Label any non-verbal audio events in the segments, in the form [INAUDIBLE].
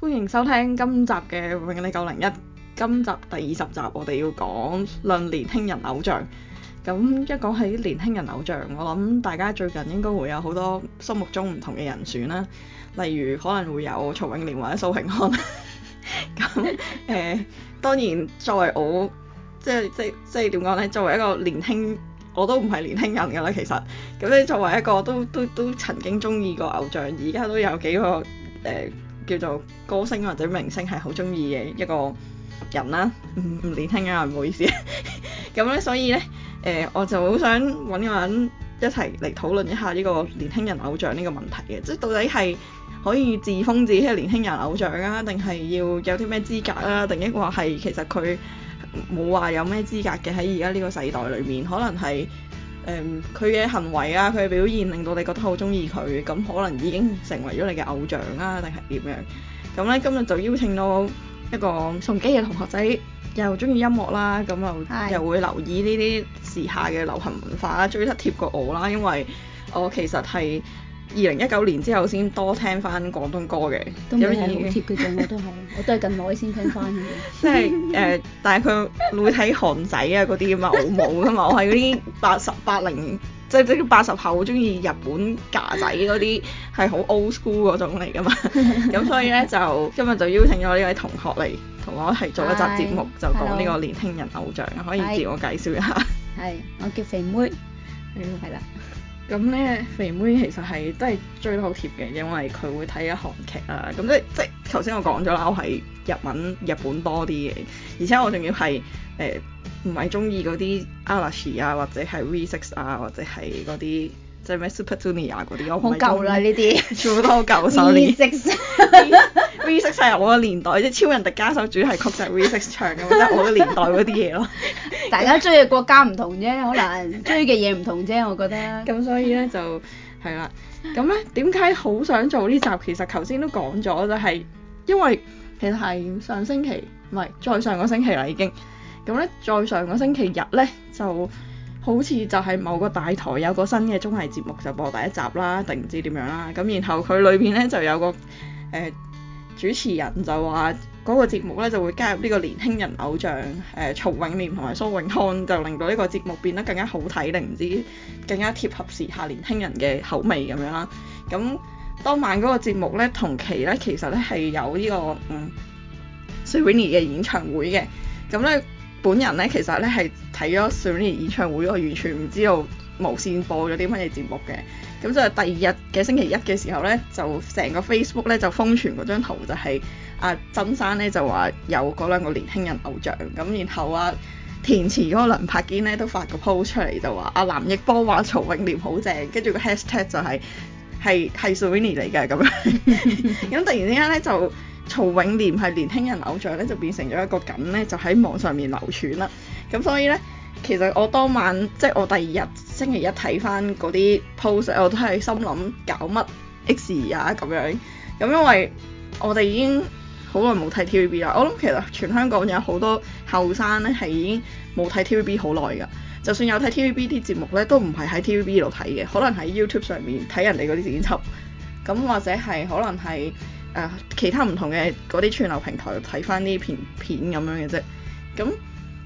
歡迎收聽今集嘅永利九零一，今集第二十集，我哋要講論年輕人偶像。咁一講起年輕人偶像，我諗大家最近應該會有好多心目中唔同嘅人選啦，例如可能會有曹永廉或者蘇永康。咁 [LAUGHS] 誒那、 [LAUGHS] 呃，當然作為我，即係即係即點講咧？作為一個年輕，我都唔係年輕人噶啦，其實。咁你作為一個都都都，都曾經中意過偶像，而家都有幾個誒。呃叫做歌星或者明星係好中意嘅一個人啦，唔年輕啊，嗯，唔好意思啊。咁咧，所以咧，誒、呃，我就好想揾個人一齊嚟討論一下呢個年輕人偶像呢個問題嘅，即係到底係可以自封自己係年輕人偶像啊，定係要有啲咩資格啊？定抑或係其實佢冇話有咩資格嘅喺而家呢個世代裏面，可能係。誒佢嘅行為啊，佢嘅表現令到你覺得好鍾意佢，咁、嗯、可能已經成為咗你嘅偶像啊，定係點樣？咁、嗯、咧今日就邀請到一個崇基嘅同學仔，又鍾意音樂啦，咁又的又會留意呢啲時下嘅流行文化啦，追得貼過我啦，因為我其實係二零一九年之後先多聽返廣東歌嘅，沒有啲好貼嘅啫，我都係，我都係近耐先聽返嘅。即係誒，但係佢會睇韓仔啊嗰啲咁啊偶像㗎嘛，我係嗰啲八十八零，即係即八十後鍾意日本架仔嗰啲係好 old school 嗰種嚟㗎嘛。咁 [LAUGHS] [LAUGHS] 所以咧就今日就邀請咗呢位同學嚟同我係做一集節目，就講呢個年輕人偶像，可以自我介紹一下。係 Hi. [LAUGHS] 我叫肥妹，係、嗯、啦。嗯 [LAUGHS] 咁咧肥妹其實係都係追得好貼嘅，因為佢會睇韓劇啊，咁即係即係頭先我講咗啦，我係日文日本多啲嘅，而且我仲要係誒唔係中意嗰啲嵐啊，或者係 V6 啊，或者係嗰啲。就係咩 Super Junior 嗰啲，我好舊啦呢啲，全部都好舊手鏈。V6，V6 係我個年代，即係超人迪加首主題曲就係 V6 唱嘅，即係 [LAUGHS] 我個年代嗰啲嘢咯。大家追嘅國家唔同啫， [LAUGHS] 可能追嘅嘢唔同啫，我覺得。咁所以咧就係啦。咁咧點解好想做呢集？其實頭先都講咗，就係、是、因為其實係上星期，唔係再上個星期啦已經。咁咧，再上個星期日咧就。好似就係某個大台有個新嘅綜藝節目就播第一集啦，定唔知點樣啦。咁然後佢裏邊咧就有個誒、呃、主持人就話嗰個節目咧就會加入呢個年輕人偶像誒、呃、曹永廉同埋蘇永康，就令到呢個節目變得更加好睇，定唔知更加貼合時下年輕人嘅口味咁樣啦。咁當晚嗰個節目咧同期咧其實咧係有呢、呢個嗯 Serrini 嘅演唱會嘅。咁咧本人咧其實咧係。睇咗 Swinny 演唱會，我完全唔知道無線播咗啲乜嘢節目嘅。咁就第二日嘅星期一嘅時候呢，就成個 Facebook 呢，就瘋傳嗰張圖，就係阿、啊、曾生呢，就話有嗰兩個年輕人偶像。咁然後啊，填詞嗰個梁柏堅呢，都發個 post 出嚟就話阿藍奕邦話曹永廉好正，跟住個 hashtag 就係係係 Swinny 嚟嘅。咁樣。咁 [LAUGHS] [LAUGHS] 突然之間呢就，就曹永廉係年輕人偶像呢就變成咗一個梗呢，就喺網上面流傳啦。咁所以呢，其實我當晚即係我第二日星期一睇翻嗰啲 post，我都係心諗搞乜 X 啊咁樣。咁因為我哋已經好耐冇睇 TVB 啦，我諗其實全香港有好多後生呢係已經冇睇 TVB 好耐㗎。就算有睇 TVB 啲節目呢，都唔係喺 TVB 度睇嘅，可能喺 YouTube 上面睇人哋嗰啲剪輯，咁或者係可能係誒、呃、其他唔同嘅嗰啲串流平台睇翻啲片片咁樣嘅啫。咁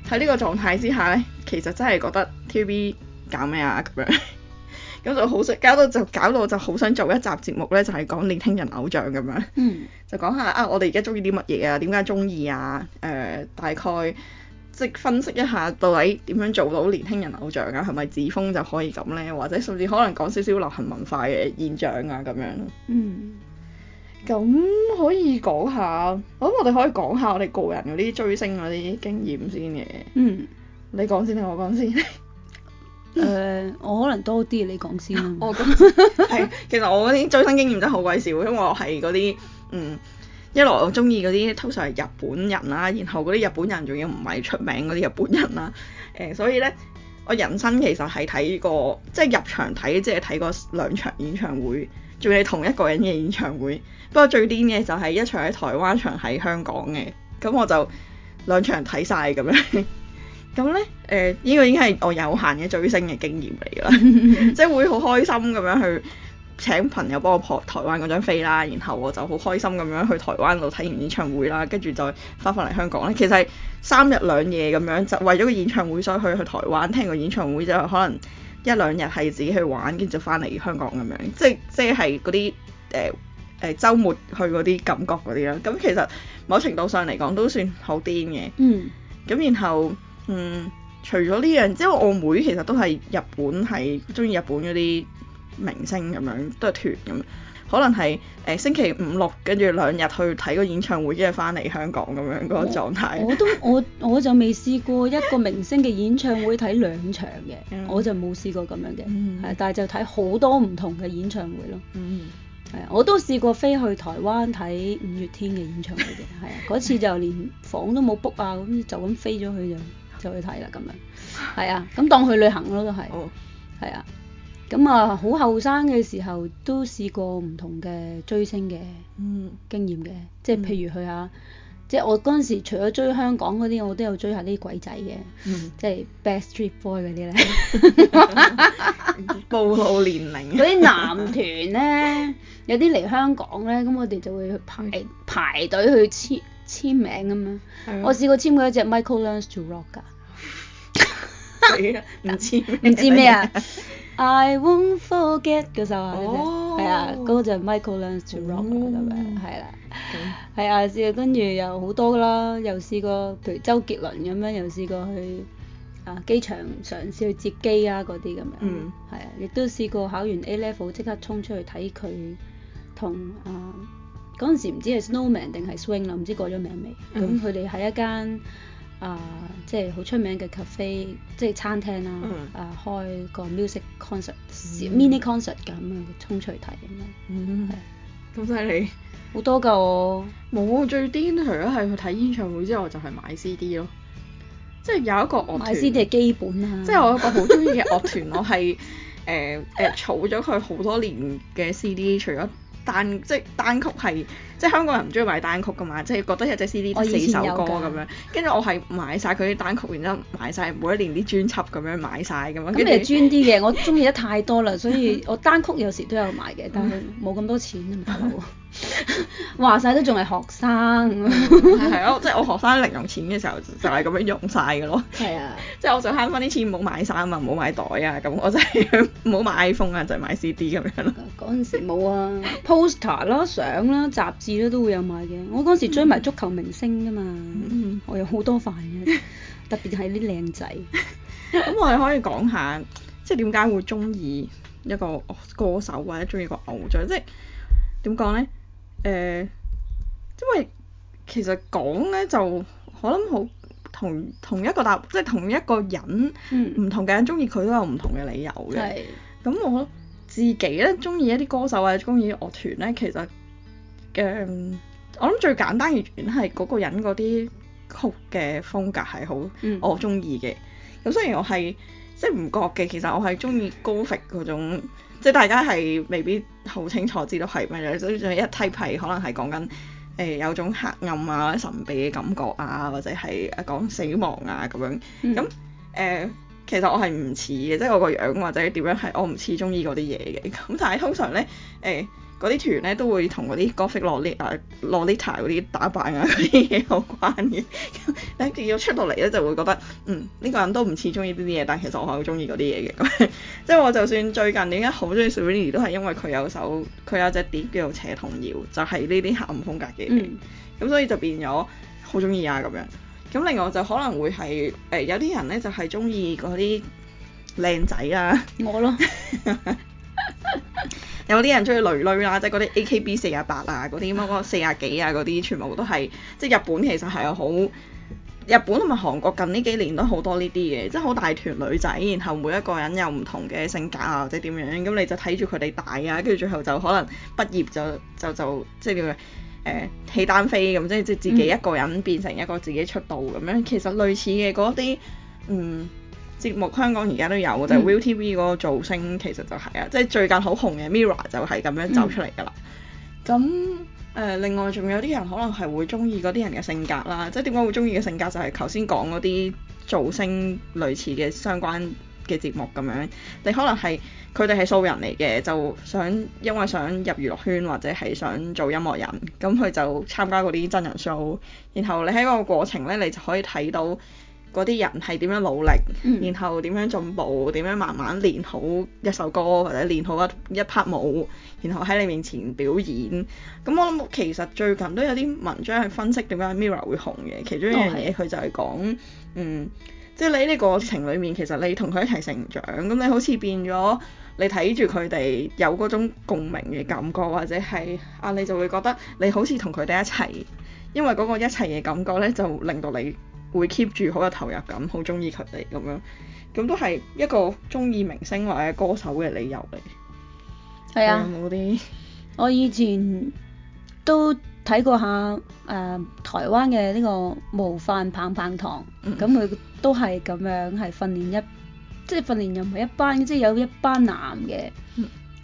喺呢個狀態之下呢，其實真係覺得 T.V. 搞咩啊咁樣，咁就好想搞到就搞到就好想做一集節目呢，就係講年輕人偶像咁樣，嗯、就講下啊，我哋而家中意啲乜嘢啊？點解中意啊？誒、呃，大概即係分析一下到底點樣做到年輕人偶像啊？係咪自封就可以咁呢？或者甚至可能講少少流行文化嘅現象啊咁樣。嗯咁可以講下，我諗我哋可以講下我哋個人嗰啲追星嗰啲經驗先嘅。嗯，你講先定我講先？誒、嗯， [LAUGHS] 呃、我可能多啲，你講先。我咁係其實我嗰啲追星經驗真係好鬼少，因為我係嗰啲嗯，一來我中意嗰啲通常係日本人啦，然後嗰啲日本人仲要唔係出名嗰啲日本人啦。誒、呃，所以咧，我人生其實係睇過即係入場睇，即係睇過兩場演唱會。仲你同一個人嘅演唱會，不過最癲嘅就係一場喺台灣，場喺香港嘅，咁我就兩場睇晒，咁 [LAUGHS] 樣。咁、呃、咧，誒，呢個已經係我有限嘅追星嘅經驗嚟啦，即 [LAUGHS] 係會好開心咁樣去請朋友幫我撲台灣嗰張飛啦，然後我就好開心咁樣去台灣度睇完演唱會啦，跟住再翻返嚟香港咧，其實三日兩夜咁樣就為咗個演唱會所以去去台灣聽個演唱會就可能。一兩日係自己去玩，跟住就翻嚟香港咁樣，即係即係嗰啲誒誒週末去嗰啲感覺嗰啲啦。咁其實某程度上嚟講都算好癲嘅。嗯。咁然後嗯，除咗呢樣之後，我妹其實都係日本係鍾意日本嗰啲明星咁樣，都係團咁。可能係誒、呃、星期五六跟住兩日去睇個演唱會，跟住翻嚟香港咁樣嗰、那個狀態我。我都我我就未試過一個明星嘅演唱會睇兩場嘅， [COUGHS] 我就冇試過咁樣嘅。係、嗯喲，但係就睇好多唔同嘅演唱會咯。係啊、嗯哼，我都試過飛去台灣睇五月天嘅演唱會嘅，係啊，嗰 [COUGHS] 次就連房都冇 book 啊，咁就咁飛咗去，就就去睇啦咁樣。係啊，咁當去旅行咯都係。係啊。咁啊，好後生嘅時候都試過唔同嘅追星嘅經驗嘅，即係譬如去吓，即係我嗰陣時除咗追香港嗰啲，我都有追下啲鬼仔嘅，嗯、即係 Backstreet Boys 嗰啲咧。暴 [LAUGHS] 露 [LAUGHS] 年齡。嗰啲男團咧，有啲嚟香港咧，咁我哋就會去排 [LAUGHS] 排隊去簽簽名㗎嘛。的我試過簽過一隻 Michael Learns to Rock [LAUGHS] [LAUGHS] 你知 知啊。唔簽唔知咩啊！I won't forget 嘅時候啊，係啊，嗰、哦那個就 Michael Learns to Rock 啦咁樣，係啦吧，係啊、嗯，試跟住又好多啦，又試過譬如周杰倫咁樣，又試過去啊機場嘗試去接機啊嗰啲咁樣，係啊、嗯，亦都試過考完 A Level 即刻衝出去睇佢同啊嗰陣時唔知係 Snowman 定係 Swing 啦，唔知改咗名未？咁佢哋喺一間。呃、é，啊，即係好出名嘅 cafe，即係餐廳啦。啊，開個 music concert、嗯、mini concert 咁啊，衝出去睇咁啊。嗯，咁犀利。好多㗎我。冇，最癲除咗係去睇演唱會之外，就係買 CD 咯。即係有一個樂團。買 CD 係基本啊。即係我有一個好中意嘅樂團， [LAUGHS] 我係誒誒儲咗佢好多年嘅 CD，除咗。單即係單曲係，即係香港人唔中意買單曲㗎嘛，即係覺得有隻 CD 四首歌咁樣。跟住我係買晒佢啲單曲，然之後買晒，每一年啲專輯咁樣買晒。咁 [LAUGHS] 樣。咁係專啲嘅，我中意得太多啦，所以我單曲有時都有買嘅，但係冇咁多錢咪得咯。 [LAUGHS] 話晒都仲係學生，係啊、 [LAUGHS] [LAUGHS] 嗯，即係我，我學生零用錢嘅時候就係、是、咁樣用晒嘅咯。係啊，即係我想慳翻啲錢，唔好買衫、就是 [LAUGHS] 就是、 [LAUGHS] 啊，唔好買袋啊，咁我就係唔好買 iPhone 啊，就係買 CD 咁樣咯。嗰陣時冇啊，poster 啦、相啦、雜誌啦都會有買嘅。我嗰陣時追埋足球明星噶嘛，我有好多范嘅、啊， [LAUGHS] 特別係啲靚仔。咁 [LAUGHS] [LAUGHS] 我哋可以講下，即係點解會中意一個歌手或者中意個偶像，即係點講咧？誒、呃，因為其實講咧就，可能好同同一個答，即係同一個人，唔、嗯、同嘅人中意佢都有唔同嘅理由嘅。咁是我自己咧，中意一啲歌手或者中意樂團咧，其實嘅、嗯、我諗最簡單嘅原因係嗰個人嗰啲曲嘅風格係好、嗯、我中意嘅。咁雖然我係。即係唔覺嘅，其實我係中意 Gothic 嗰種，即係大家係未必好清楚知道係乜嘢，所以仲有一批皮可能係講緊誒有種黑暗啊、神秘嘅感覺啊，或者係講死亡啊咁樣。咁誒、嗯呃、其實我係唔似嘅，即係我個樣或者點樣係我唔似中意嗰啲嘢嘅。咁但係通常咧誒。呃嗰啲團咧都會同嗰啲 Gothic Lolita 啊、Lolita 嗰啲打扮啊嗰啲嘢有關嘅，咁咧要出到嚟咧就會覺得，嗯，呢、這個人都唔似中意呢啲嘢，但其實我係好中意嗰啲嘢嘅，咁即係我就算最近點解好中意 Sweeney 都係因為佢有首佢有隻碟叫做邪童謠，就係呢啲黑暗風格嘅，咁、嗯、所以就變咗好中意啊咁樣。咁另外就可能會係誒、呃、有啲人咧就係中意嗰啲靚仔啊，我咯啦。 [LAUGHS] [LAUGHS] 有啲人中意女女啦，即係嗰啲 A K B 四啊八啊嗰啲乜啊，四啊幾啊嗰啲，全部都係即係日本其實係有好日本同埋韓國近呢幾年都好多呢啲嘢，即係好大團女仔，然後每一個人有唔同嘅性格啊或者點樣，咁你就睇住佢哋大啊，跟住最後就可能畢業就就就即係叫誒起單飛咁，即係即係自己一個人變成一個自己出道咁樣。嗯、其實類似嘅嗰啲嗯。節目香港而家都有，嗯、就 ViuTV 嗰、那個造星其實就係、是、啊，即、就、係、是、最近好紅嘅 Mirror 就係咁樣走出嚟㗎啦。咁誒、嗯呃，另外仲有啲人可能係會中意嗰啲人嘅性格啦，即係點解會中意嘅性格就係頭先講嗰啲造星類似嘅相關嘅節目咁樣。你可能係佢哋係素人嚟嘅，就想因為想入娛樂圈或者係想做音樂人，咁佢就參加嗰啲真人 show，然後你喺個過程咧，你就可以睇到。嗰啲人係點樣努力，嗯、然後點樣進步，點樣慢慢練好一首歌或者練好一一 part 舞，然後喺你面前表演。咁我諗其實最近都有啲文章去分析點解 MIRROR 會紅嘅，其中一樣嘢佢就係講，哦、嗯，即係你呢個過程裡面，其實你同佢一齊成長，咁你好似變咗，你睇住佢哋有嗰種共鳴嘅感覺，或者係啊，你就會覺得你好似同佢哋一齊，因為嗰個一齊嘅感覺呢，就令到你。會 keep 住好有投入感，好中意佢哋咁樣，咁都係一個中意明星或者歌手嘅理由嚟。係啊，我啲我以前都睇過下誒、呃、台灣嘅呢個模範棒棒堂，咁佢、嗯、都係咁樣係訓練一，即、就、係、是、訓練又唔係一班，即、就、係、是、有一班男嘅，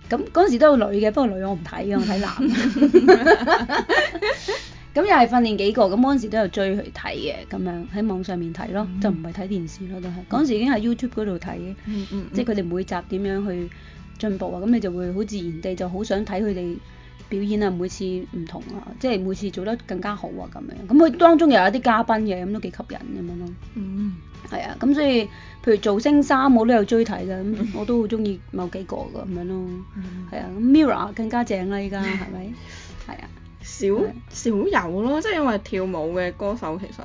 咁嗰陣時都有女嘅，不過女我唔睇嘅，我睇男。 [LAUGHS] [LAUGHS] 咁又係訓練幾個，咁嗰陣時都有追去睇嘅，咁樣喺網上面睇咯，嗯嗯就唔係睇電視咯，都係嗰陣時已經喺 YouTube 嗰度睇嘅，即係佢哋每集點樣去進步啊，咁你就會好自然地就好想睇佢哋表演啊，每次唔同啊，即係每次做得更加好啊咁樣，咁佢當中又有啲嘉賓嘅，咁都幾吸引咁樣咯，嗯，嗯，係啊，咁所以譬如造星三，我都有追睇㗎，咁我都好中意某幾個㗎咁樣咯，係、嗯嗯、啊，Mirror 更加正啦，依家係咪？係、嗯、 [LAUGHS] 啊。是少少有咯，即係因為跳舞嘅歌手其實，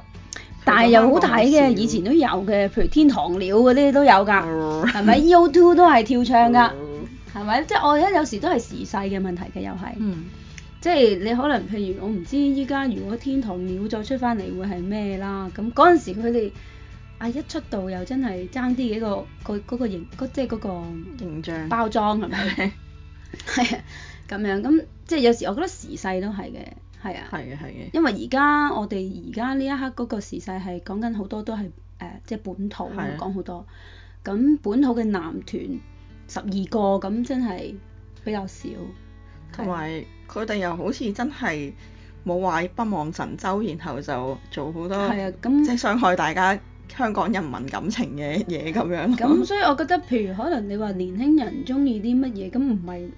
剛剛那個、但係又好睇嘅，小以前都有嘅，譬如天堂鳥嗰啲都有㗎，係咪？EO2 都係跳唱㗎，係咪？ [LAUGHS] 即係我而家有時都係時勢嘅問題嘅又係，嗯、即係你可能譬如我唔知依家如果天堂鳥再出翻嚟會係咩啦，咁嗰陣時佢哋啊一出道又真係爭啲幾個、嗰個嗰、嗰個形，即係嗰個形象包裝係咪？係啊。 [LAUGHS] [LAUGHS] 咁樣咁即係有時，我覺得時勢都係嘅，係啊，係啊，係啊！因為而家我哋而家呢一刻嗰個時勢係講緊好多都係誒、呃，即係本土講好多。咁本土嘅男團十二個咁真係比較少，同埋佢哋又好似真係冇話不忘神州，然後就做好多係啊，咁即係傷害大家，香港人民感情嘅嘢咁樣。咁 [LAUGHS] 所以我覺得，譬如可能你話年輕人中意啲乜嘢，咁唔係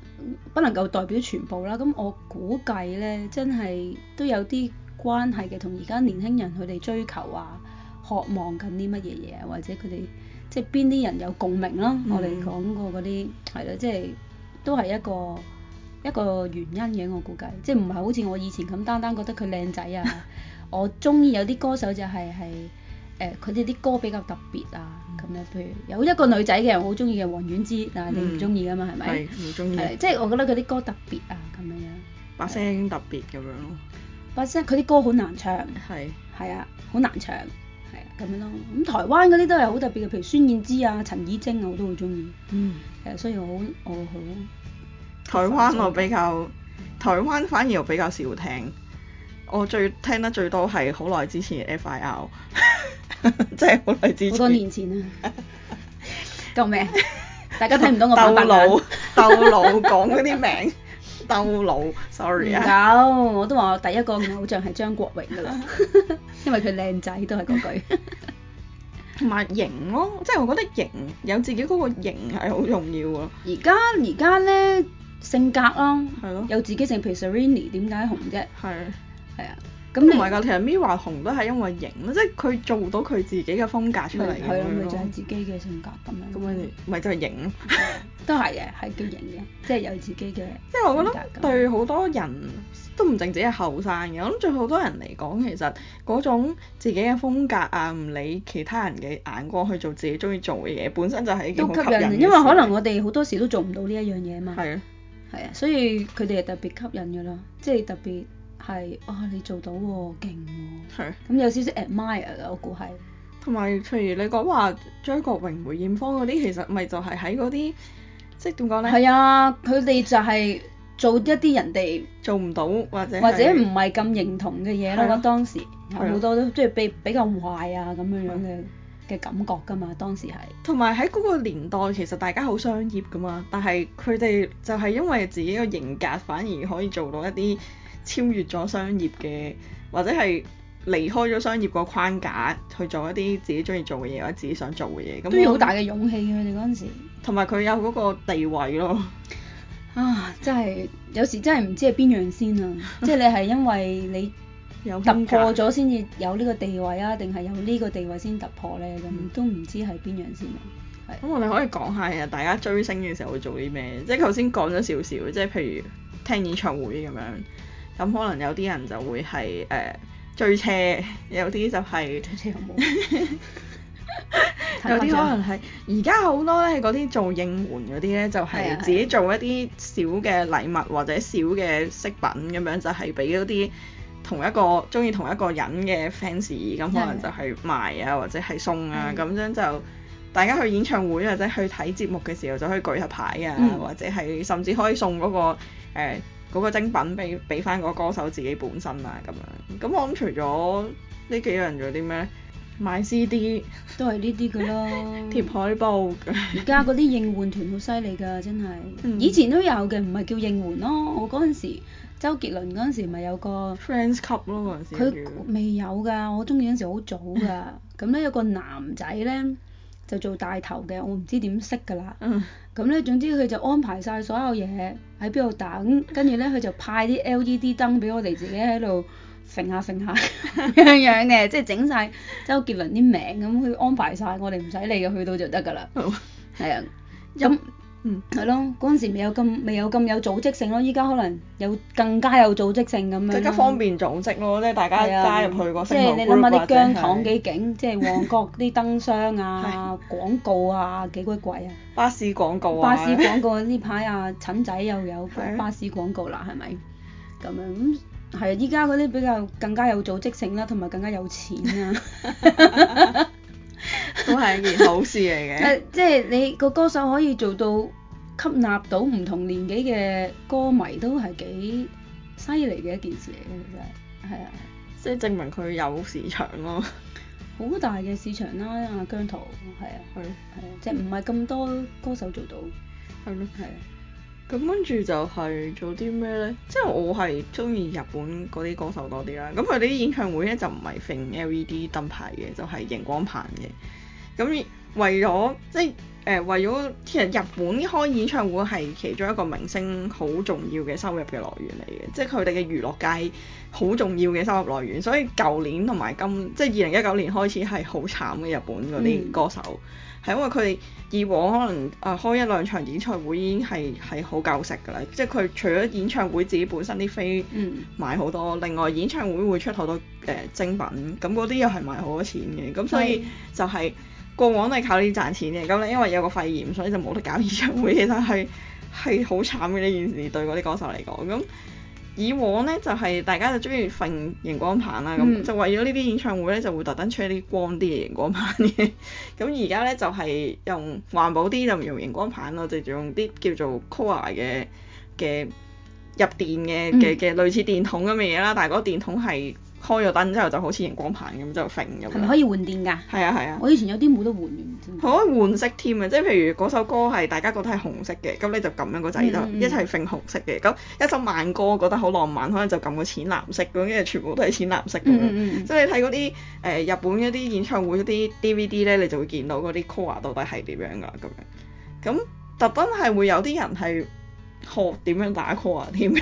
不能夠代表全部啦。咁我估計咧，真係都有啲關係嘅，同而家年輕人佢哋追求啊、渴望緊啲乜嘢嘢，或者佢哋即係邊啲人有共鳴咯。嗯、我哋講過嗰啲係咯，即係都係一個一個原因嘅，我估計。即係唔係好似我以前咁單單覺得佢靚仔啊。 [LAUGHS] 我中意有啲歌手就係、係、係。誒佢哋啲歌比較特別啊，咁樣、嗯、譬如有一個女仔嘅人好中意嘅王菀之，但係你唔中意㗎嘛，係咪、嗯？係唔中意。即係我覺得佢啲歌特別啊，咁樣。把聲特別咁樣咯。把聲佢啲歌好難唱。係是。係啊，好難唱，係啊咁樣咯。咁台灣嗰啲都係好特別嘅，譬如孫燕姿啊、陳綺貞啊，我都好中意。嗯。誒，所以我好我，我好。台灣我比較台灣反而又比較少聽，我最聽得最多係好耐之前嘅 F.I.R。 [LAUGHS] [LAUGHS] 真係好嚟自好多年前啊！救 [LAUGHS] 命！大家睇唔到我反白眼。兜腦， [LAUGHS] 兜腦講嗰啲名，兜老 sorry 啊！有，我都話我第一個偶像係張國榮㗎啦， [LAUGHS] 因為佢靚仔都係嗰句。同埋型咯，即係我覺得型有自己嗰個型係好重要啊！而家而家咧性格咯，係咯，有自己性，譬如 Serrini 點解紅啫？係，係啊。 [LAUGHS] 對咯 咁唔係㗎，其實 Mirror 紅都係因為型咯，即係佢做到佢自己嘅風格出嚟。係咯，就係自己嘅性格咁樣。咁咪就係型，都係嘅，係叫型嘅，即係有自己嘅。即係我覺得對好多人都唔淨止係後生嘅，我諗對好多人嚟講，其實嗰種自己嘅風格啊，唔理其他人嘅眼光去做自己鍾意做嘅嘢，本身就係一件好吸引，吸引因為可能我哋好多時都做唔到呢一樣嘢啊嘛。係啊的，係啊，所以佢哋係特別吸引嘅咯，即係特別。係啊、哦！你做到喎、哦，勁喎、哦。咁係有少少 admire，我估係。同埋，譬如你講話張國榮、梅艷芳嗰啲，其實咪就係喺嗰啲，即係點講咧？係啊，佢哋就係做一啲人哋做唔到或者或者唔係咁認同嘅嘢咯。啊、我覺得當時好多都即係比比較壞啊咁樣樣嘅嘅感覺㗎嘛。當時係。同埋喺嗰個年代，其實大家好商業㗎嘛，但係佢哋就係因為自己個型格，反而可以做到一啲。超越咗商業嘅，或者係離開咗商業個框架去做一啲自己中意做嘅嘢，或者自己想做嘅嘢，咁都要好大嘅勇氣。佢哋嗰陣時，同埋佢有嗰個地位咯。啊，真係有時真係唔知係邊樣先啊！ [LAUGHS] 即係你係因為你有突破咗先至有呢個地位啊，定係有呢個地位先突破呢？咁都唔知係邊樣先，啊。咁、嗯，是我哋可以講下其實大家追星嘅時候會做啲咩？即係頭先講咗少少，即係譬如聽演唱會咁樣。咁可能有啲人就會係誒追車，有啲就係追車。有啲可能係而家好多咧，嗰啲做應援嗰啲咧，就係、是、自己做一啲小嘅禮物或者小嘅飾品咁樣，就係俾嗰啲同一個中意同一個人嘅 fans，咁可能就係賣啊或者係送啊咁的樣，就大家去演唱會或者去睇節目嘅時候就可以舉下牌啊，嗯、或者係甚至可以送嗰、那個、呃嗰個精品俾俾翻個歌手自己本身啊咁樣，咁我諗除咗呢幾個人做啲咩？買 CD 都係呢啲㗎啦。貼 [LAUGHS] 海報布。而家嗰啲應援團好犀利㗎，真係。嗯、以前都有嘅，唔係叫應援咯。我嗰陣時，周杰倫嗰陣時咪有個 Friends Club 咯嗰陣時叫。佢未有㗎，我中意嗰陣時好早㗎。咁咧 [LAUGHS] 有個男仔咧。就做大頭嘅，我唔知點識㗎啦。咁、嗯、呢，總之佢就安排晒所有嘢喺邊度等，跟住呢，佢就派啲 LED 燈俾我哋自己喺度揈下揈下， [LAUGHS] 樣樣嘅，即係整晒周杰倫啲名咁，佢安排晒我哋唔使理嘅，去到就得㗎啦。係啊好。嗯，係咯，嗰陣時有未有咁未有咁有組織性咯，依家可能有更加有組織性咁樣，更加方便組織咯，即係大家加入去個羣度即係你諗下啲薑糖幾勁，即係 [LAUGHS] 旺角啲燈箱啊、 [LAUGHS] 廣告啊幾鬼貴啊，巴士廣告啊，巴士廣告呢排啊，陳仔又有巴士廣告啦，係咪？咁樣咁係啊，依家嗰啲比較更加有組織性啦、啊，同埋更加有錢啊。 [LAUGHS] 都係一件好事嚟嘅。即係 [LAUGHS] 你個歌手可以做到吸納到唔同年紀嘅歌迷，都係幾犀利嘅一件事嚟嘅，其實係。係啊。即係證明佢有市場咯。好 [LAUGHS] 大嘅市場啦，阿姜濤係啊。係啊。啊， [LAUGHS] 即係唔係咁多歌手做到。係咯 [LAUGHS] 的。係啊。咁跟住就係做啲咩呢？即係我係中意日本嗰啲歌手多啲啦。咁佢哋啲演唱會咧就唔係揈 LED 燈牌嘅，就係、是、熒光棒嘅。咁為咗即係誒、呃、為咗，其實日本開演唱會係其中一個明星好重要嘅收入嘅來源嚟嘅，即係佢哋嘅娛樂界好重要嘅收入來源。所以舊年同埋今即係二零一九年開始係好慘嘅日本嗰啲歌手。嗯係因為佢哋以往可能啊開一兩場演唱會已經係係好夠食㗎啦，即係佢除咗演唱會自己本身啲飛買好多，嗯、另外演唱會會出好多誒、呃、精品，咁嗰啲又係賣好多錢嘅，咁所以就係過往都係靠呢啲賺錢嘅，咁咧因為有個肺炎，所以就冇得搞演唱會，其實係係好慘嘅呢件事對嗰啲歌手嚟講，咁。以往咧就係、是、大家就中意瞓螢光棒啦，咁就、嗯、為咗呢啲演唱會咧就會特登出一啲光啲嘅螢光棒嘅。咁而家咧就係、是、用環保啲就唔用螢光棒咯，就用啲叫做 core 嘅嘅入電嘅嘅嘅類似電筒咁嘅嘢啦，嗯、但係嗰電筒係。開咗燈之後就好似熒光棒咁就揈咁。係咪可以換電噶？係啊係啊。啊我以前有啲冇得換電啫。可以換色添啊！即係譬如嗰首歌係大家覺得係紅色嘅，咁、嗯、你就撳一個掣得一齊揈紅色嘅。咁一首慢歌覺得好浪漫，可能就撳個淺藍色咁，跟住全部都係淺藍色咁樣。即係、嗯嗯、你睇嗰啲誒日本嗰啲演唱會嗰啲 DVD 咧，你就會見到嗰啲 call 到底係點樣噶咁樣。咁特登係會有啲人係學點樣打 call 添。 [LAUGHS]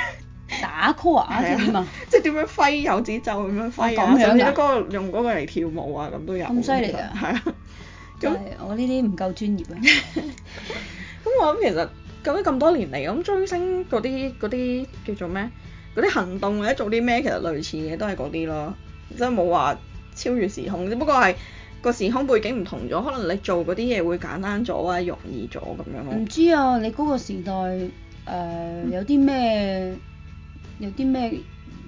打 call 啊，即係點啊？即係點樣揮手指咒咁樣揮啊？那個、用嗰個用嗰個嚟跳舞啊？咁都有咁犀利啊？係啊，咁 [LAUGHS] 我呢啲唔夠專業啊。咁 [LAUGHS] [LAUGHS] 我諗其實究竟咁多年嚟咁追星嗰啲嗰啲叫做咩？嗰啲行動或者做啲咩，其實類似嘅都係嗰啲咯，即係冇話超越時空，只不過係個時空背景唔同咗，可能你做嗰啲嘢會簡單咗啊，容易咗咁樣咯。唔知啊，你嗰個時代誒、呃、有啲咩、嗯？嗯有啲咩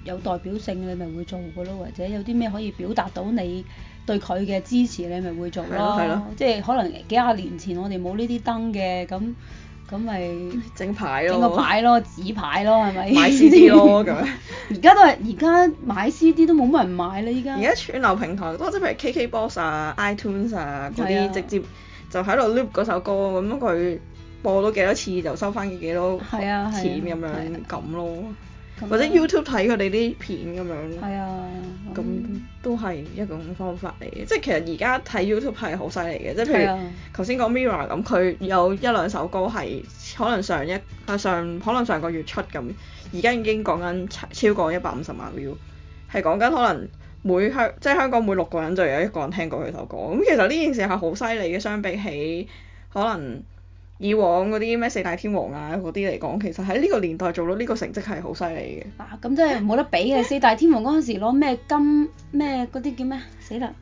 有代表性你咪會做嘅咯，或者有啲咩可以表達到你對佢嘅支持，你咪會做咯。即係可能幾廿年前我哋冇呢啲燈嘅，咁咁咪整牌咯，整個牌咯，紙牌咯，係咪？買 C D 咯咁。而家都係而家買 C D 都冇乜人買啦，依家。而家串流平台都即係譬如 K K Box 啊、iTunes 啊嗰啲，了直接就喺度 loop 嗰首歌，咁佢播到幾多次就收翻幾多錢咁樣咁咯。或者 YouTube 睇佢哋啲片咁樣，係啊，咁都係一種方法嚟嘅。即係其實而家睇 YouTube 係好犀利嘅，即係的譬如頭先講 Mirror 咁，佢有一兩首歌係可能上一啊上可能上個月出咁，而家已經講緊超過一百五十萬 view，係講緊可能每香即係香港每六個人就有一個人聽過佢首歌。咁其實呢件事係好犀利嘅，相比起可能，以往嗰啲咩四大天王啊嗰啲嚟講，其實喺呢個年代做到呢個成績係好犀利嘅。嗱咁真係冇得比嘅，四大天王嗰陣時攞咩金咩嗰啲叫咩？死啦！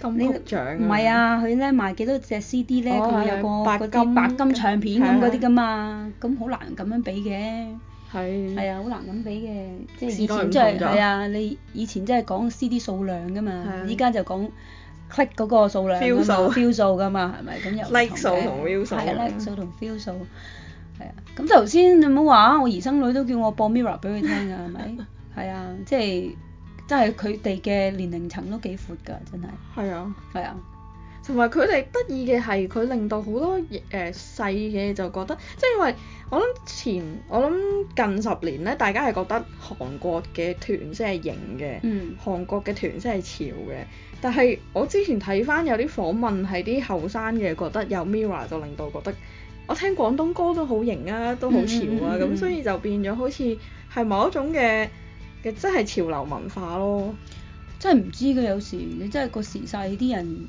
金曲獎啊？唔係啊，佢咧賣幾多隻 CD 咧，佢有個嗰啲白金唱片咁嗰啲噶嘛，咁好難咁樣比嘅。係。係啊，好難咁比嘅，即係以前真係係啊，你以前真係講 CD 數量噶嘛，依家就講。click 嗰個數量，feel 數噶嘛，係咪？咁又唔同嘅。係啊，like 數同 feel 數。係啊，咁頭先你冇話我姨甥女都叫我播 mirror 俾佢聽㗎，係咪？係啊，即係真係佢哋嘅年齡層都幾闊噶。真係，係啊。係啊。同埋佢哋得意嘅係佢令到好多誒、呃、細嘅就覺得，即係因為我諗前我諗近十年咧，大家係覺得韓國嘅團即係型嘅，嗯、韓國嘅團即係潮嘅。但係我之前睇返有啲訪問係啲後生嘅覺得有 MIRROR 就令到覺得我聽廣東歌都好型啊，都好潮啊，咁、嗯嗯嗯嗯、所以就變咗好似係某一種嘅嘅即係潮流文化咯。真係唔知㗎，有時你真係個時勢啲人。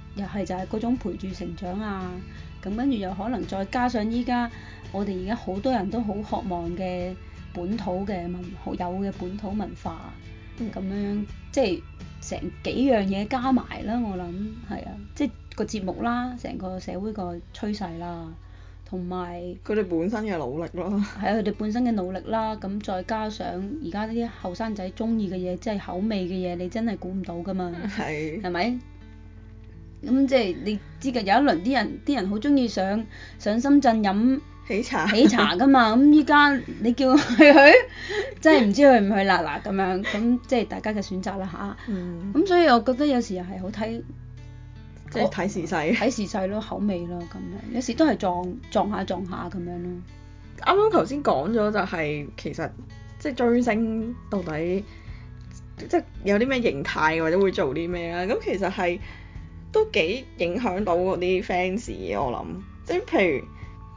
又係就係嗰種陪住成長啊，咁跟住又可能再加上依家我哋而家好多人都好渴望嘅本土嘅文有嘅本土文化咁樣，即係成幾樣嘢加埋啦，我諗係啊，即係個節目啦，成個社會個趨勢啦，同埋佢哋本身嘅努力咯，係啊，佢哋本身嘅努力啦，咁、 [LAUGHS] 啊、再加上而家呢啲後生仔中意嘅嘢，即係口味嘅嘢，你真係估唔到噶嘛，係係咪？咁即係你知㗎，有一輪啲人啲人好中意上上深圳飲喜茶喜茶㗎嘛。咁依家你叫佢去去，真係唔知去唔去啦啦咁樣。咁 [LAUGHS] 即係大家嘅選擇啦嚇。咁、嗯、所以我覺得有時係好睇即係睇時勢，睇、哦、時勢咯，口味咯咁樣。有時都係撞撞下撞下咁樣咯。啱啱頭先講咗就係、是、其實即係追星到底即係有啲咩形態或者會做啲咩呀。咁其實係。都幾影響到嗰啲 fans 我諗，即係譬如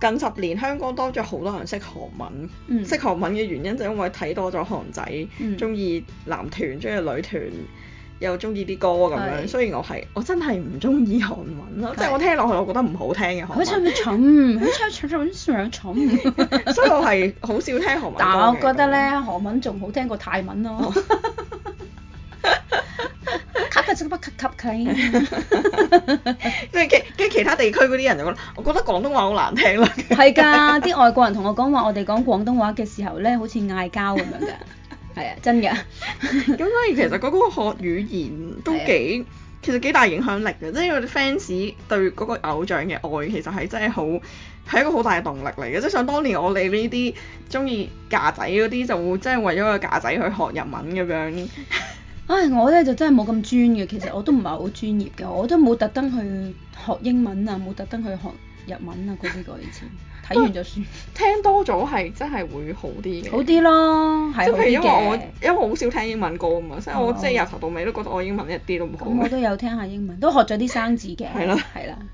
近十年香港多咗好多人識韓文，識、嗯、韓文嘅原因就因為睇多咗韓仔，中意、嗯、男團，中意女團，又中意啲歌咁是樣。雖然我係我真係唔中意韓文咯，即係我聽落去我覺得唔好聽嘅韓文。好蠢，好蠢，好蠢，好蠢。所以我係是好少聽韓文。但係我覺得咧，樣韓文仲好聽過泰文咯。 [LAUGHS] 真係真不級級契，跟跟 [LAUGHS] 其，其他地區嗰啲人就覺得，我覺得廣東話好難聽咯。係㗎的，啲 [LAUGHS] 外國人同我講話，我哋講廣東話嘅時候咧，好似嗌交咁樣㗎。係啊，真㗎。咁所以其實嗰個學語言都幾， [LAUGHS] 其實幾大影響力㗎。即係我哋 fans 對嗰個偶像嘅愛，其實係真係好，係一個好大嘅動力嚟㗎。即係想當年我哋呢啲中意架仔嗰啲，就會真係為咗個架仔去學日文咁樣。唉，我咧就真係冇咁專嘅，其實我都唔係好專業嘅，我都冇特登去學英文啊，冇特登去學日文啊嗰啲、嗰個。以前睇完就算聽多咗係真係會好啲嘅。好啲咯，即係譬如因為我因為好少聽英文歌啊嘛，的所以我即係由頭到尾都覺得我英文一啲都唔好。咁、嗯、我都有聽下英文，都學咗啲生字嘅。係啦的，係啦的。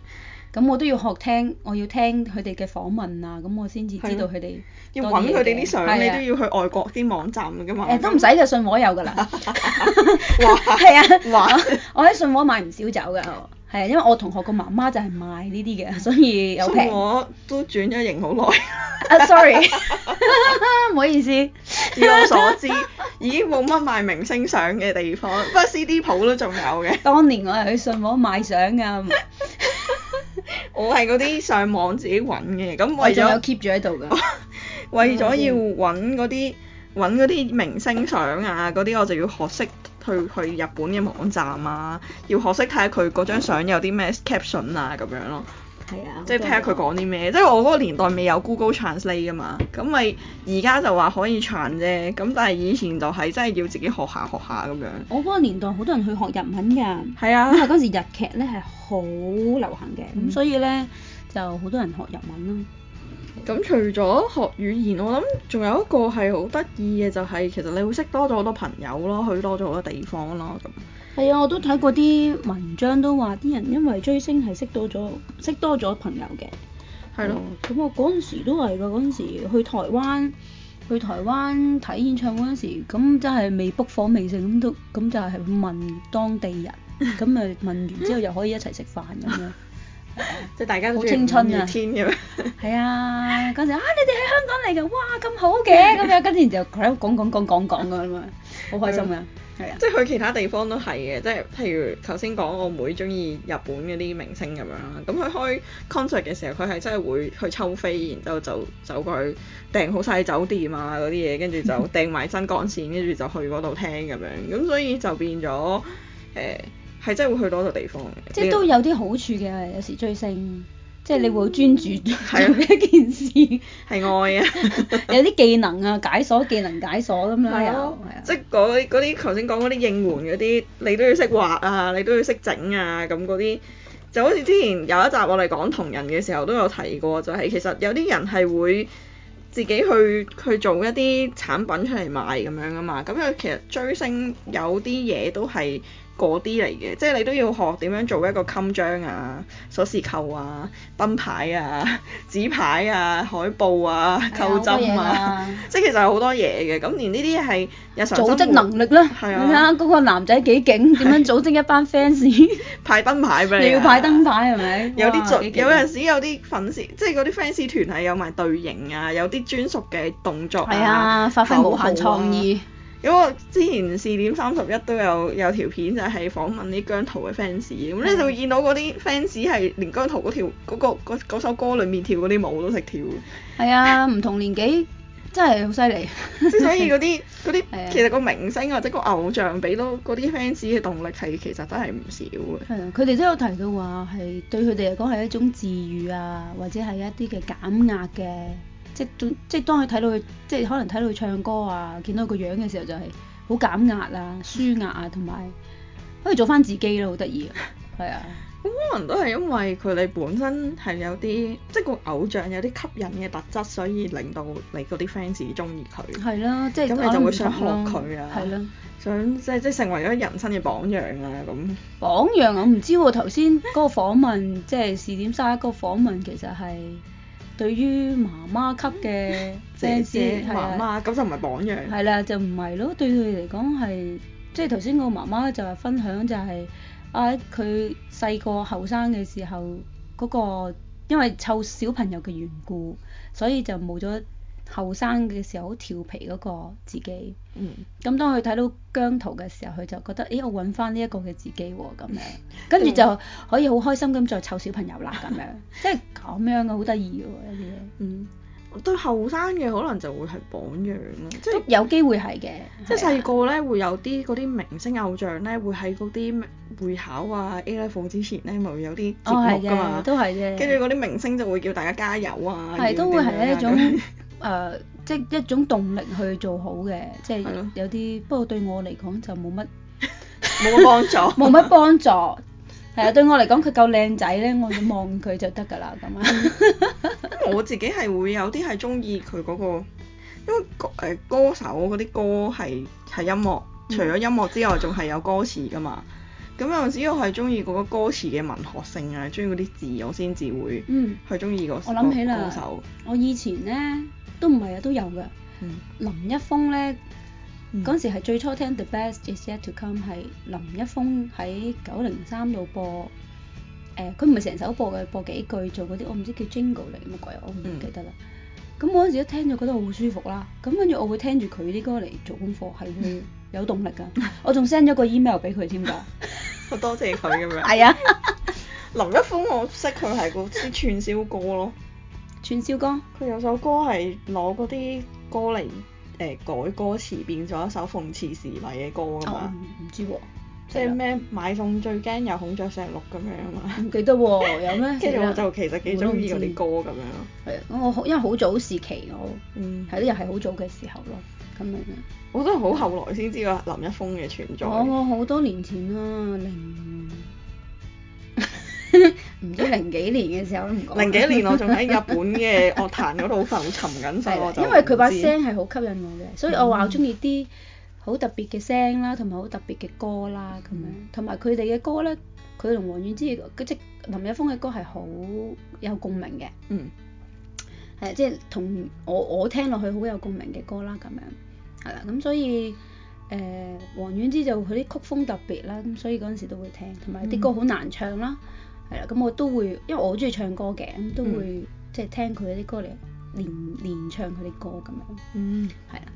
咁我都要學聽，我要聽佢哋嘅訪問啊，咁我先至知道佢哋、啊。要揾佢哋啲相，你都要去外國啲網站噶嘛。誒、欸，都唔使嘅，信和有噶啦。 [LAUGHS] 哇！係啊，哇我喺信和買唔少酒噶，係啊，因為我同學個媽媽就係賣呢啲嘅，所以又平。我都轉咗型好耐。啊、 [LAUGHS] uh，sorry，唔 [LAUGHS] 好意思。 [LAUGHS] 以我所知，已經冇乜賣明星相嘅地方， [LAUGHS] 不過 CD 鋪都仲有嘅。當年我係去信和買相㗎。 [LAUGHS] [LAUGHS] 我係嗰啲上網自己揾嘅，咁為咗 keep 住喺度噶， [LAUGHS] 為咗要揾嗰啲揾嗰啲明星相啊，嗰啲我就要學識去去日本嘅網站啊，要學識睇下佢嗰張相有啲咩 caption 啊咁樣咯。 [MUSIC] 即係聽下佢講啲咩， [MUSIC] 即係我嗰個年代未有 Google Translate 㗎嘛，咁咪而家就話可以譯啫，咁但係以前就係真係要自己學下學下咁樣。 [MUSIC] 我嗰個年代好多人去學日文㗎，係啊， [MUSIC] 因為嗰時日劇咧係好流行嘅，咁、 [MUSIC] 嗯、所以咧就好多人學日文咯。咁 [MUSIC] 除咗學語言，我諗仲有一個係好得意嘅，就係、是、其實你會識多咗好多朋友咯，去多咗好多地方咯咁。係啊，我都睇過啲文章，都話啲人因為追星係識到咗，識多咗朋友嘅，係咯的。咁、嗯、我嗰陣時都係噶，嗰陣時去台灣，去台灣睇演唱會嗰陣時，咁真係未 book 房未剩，咁都咁就係問當地人，咁咪 [LAUGHS] 問完之後又可以一齊食飯咁 [LAUGHS] 樣，即係 [LAUGHS] 大家好青春啊，天咁樣，係啊，嗰陣時啊，你哋喺香港嚟㗎，哇咁好嘅，咁樣跟住就佢喺度講講講講講㗎嘛。好開心嘅，係啊！即係去其他地方都係嘅，即係譬如頭先講我妹中意日本嗰啲明星咁樣啦，咁佢開 concert 嘅時候，佢係真係會去抽飛，然之後就走過去訂好晒酒店啊嗰啲嘢，跟住就訂埋新幹線，跟住 [LAUGHS] 就去嗰度聽咁樣，咁所以就變咗誒係真係會去多個地方，即係都有啲好處嘅，有時追星。即係你會專注、啊、做一件事，係愛啊！ [LAUGHS] 有啲技能啊， [LAUGHS] 解鎖技能解鎖咁樣，有，即係嗰啲頭先講嗰啲應援嗰啲，你都要識畫啊，你都要識整啊，咁嗰啲就好似之前有一集我哋講同人嘅時候都有提過，就係、是、其實有啲人係會自己去去做一啲產品出嚟賣咁樣噶嘛，咁樣其實追星有啲嘢都係。嗰啲嚟嘅，即係你都要學點樣做一個襟章啊、鎖匙扣啊、燈牌啊、紙牌啊、海報啊、扣針啊，即係其實係好多嘢嘅、啊。咁 [LAUGHS] 連呢啲係，有時候組織能力啦，啊、你睇下嗰個男仔幾勁，點、啊、樣組織一班 fans [LAUGHS] 派燈牌俾你、啊，你要派燈牌係咪？有啲有陣時有啲粉絲 a 即係嗰啲 fans 團係有埋隊形啊，有啲專屬嘅動作啊,啊，發揮無限創意。啊因為之前四點三十一都有有條片就係訪問啲姜濤嘅 fans，咁、嗯、你就會見到嗰啲 fans 係連姜濤嗰條、嗰個、首歌裏面跳嗰啲舞都識跳。係啊，唔同年紀 [LAUGHS] 真係好犀利。即 [LAUGHS] 所以嗰啲啲其實個明星或者個偶像俾到嗰啲 fans 嘅動力係其實真係唔少嘅。係啊，佢哋都有提到話係對佢哋嚟講係一種治愈啊，或者係一啲嘅減壓嘅。即係即當佢睇到佢，即係可能睇到佢唱歌啊，見到佢個樣嘅時候，就係好減壓啊、舒壓啊，同埋可以做翻自己咯，好得意啊。係啊。咁、 [LAUGHS] 啊、可能都係因為佢哋本身係有啲，即係個偶像有啲吸引嘅特質，所以令到你嗰啲 fans 中意佢。係啦、啊，即係咁你就會想學佢啊，啦啊想即係即係成為咗人生嘅榜樣啊咁。樣榜樣我唔知喎、啊。頭先嗰個訪問， [LAUGHS] 即係試點沙，嗰個訪問其實係。對於媽媽級嘅、嗯、姐姐媽媽，咁、啊、就唔係榜樣。係啦、啊，就唔係咯。對佢嚟講係，即係頭先個媽媽就係分享就係、係，啊佢細個後生嘅時候嗰、嗰個，因為湊小朋友嘅緣故，所以就冇咗。後生嘅時候好調皮嗰個自己，咁、嗯、當佢睇到姜濤嘅時候，佢就覺得，咦、欸，我揾翻呢一個嘅自己喎，咁樣，跟住、嗯、就可以好開心咁再湊小朋友啦，咁 [LAUGHS] 樣，即係咁樣嘅，好得意嘅喎，啲嘢。嗯，嗯對後生嘅可能就會係榜樣咯，即係都有機會係嘅，即係細個咧會有啲嗰啲明星偶像咧會喺嗰啲會考啊 A level 之前咧咪會有啲節目㗎嘛，都係啫，跟住嗰啲明星就會叫大家加油啊，係都會係一種樣。 [LAUGHS] 誒，uh, 即係一種動力去做好嘅，即係有啲。對了 不過對我嚟講就冇乜，冇乜幫助，冇乜幫助。係啊，對我嚟講佢夠靚仔咧，我就望佢就得㗎啦咁啊樣， [LAUGHS] 我自己係會有啲係中意佢嗰個，因為歌、呃、歌手嗰啲歌係係音樂，嗯、除咗音樂之外仲係有歌詞㗎嘛。咁有陣時我係中意嗰個歌詞嘅文學性啊，中意嗰啲字，我先至會去中意個。我諗起啦，歌手。我以前咧。都唔係啊，都有嘅。嗯、林一峰咧，嗰、嗯、時係最初聽 The Best Is Yet To Come 係林一峰喺九零三度播，誒佢唔係成首播嘅，播幾句做嗰啲我唔知叫 Jingle 嚟乜鬼，我唔記得啦。咁、嗯、我嗰時一聽就覺得好舒服啦。咁跟住我會聽住佢啲歌嚟做功課，係會有動力㗎。嗯、 [LAUGHS] 我仲 send 咗個 email 俾佢添㗎。好多 [LAUGHS] 謝佢咁樣。係啊，林一峰我識佢係個串燒歌咯。串燒歌，佢有首歌係攞嗰啲歌嚟誒、呃、改歌詞，變咗一首諷刺時弊嘅歌啊嘛，唔、哦、知喎，即係咩買餸最驚有孔雀石綠咁樣啊嘛，唔記得喎，有咩？跟住 [LAUGHS] 我就其實幾中意嗰啲歌咁樣，係啊，咁我因為好早時期我，嗯，係呢又係好早嘅時候咯，咁樣。我都係好後來先知道林一峰嘅存在。我我、嗯哦、好多年前啦，零。 [LAUGHS] 唔知零幾年嘅時候都唔講。零幾年我仲喺日本嘅樂壇嗰度浮浮沉沉緊， [LAUGHS] [LAUGHS] 所因為佢把聲係好吸引我嘅，所以我話我中意啲好特別嘅聲啦，同埋好特別嘅歌啦咁樣，同埋佢哋嘅歌咧，佢同王菀之嗰隻林一峰嘅歌係好有共鳴嘅。嗯。係即係同我我聽落去好有共鳴嘅歌啦咁樣。係啦，咁所以誒王菀之就佢啲曲風特別啦，咁所以嗰陣時都會聽，同埋啲歌好難唱啦。嗯。係啦，咁我都會，因為我好中意唱歌嘅，都會即係、嗯、聽佢啲歌嚟連連唱佢啲歌咁樣。嗯，係啦。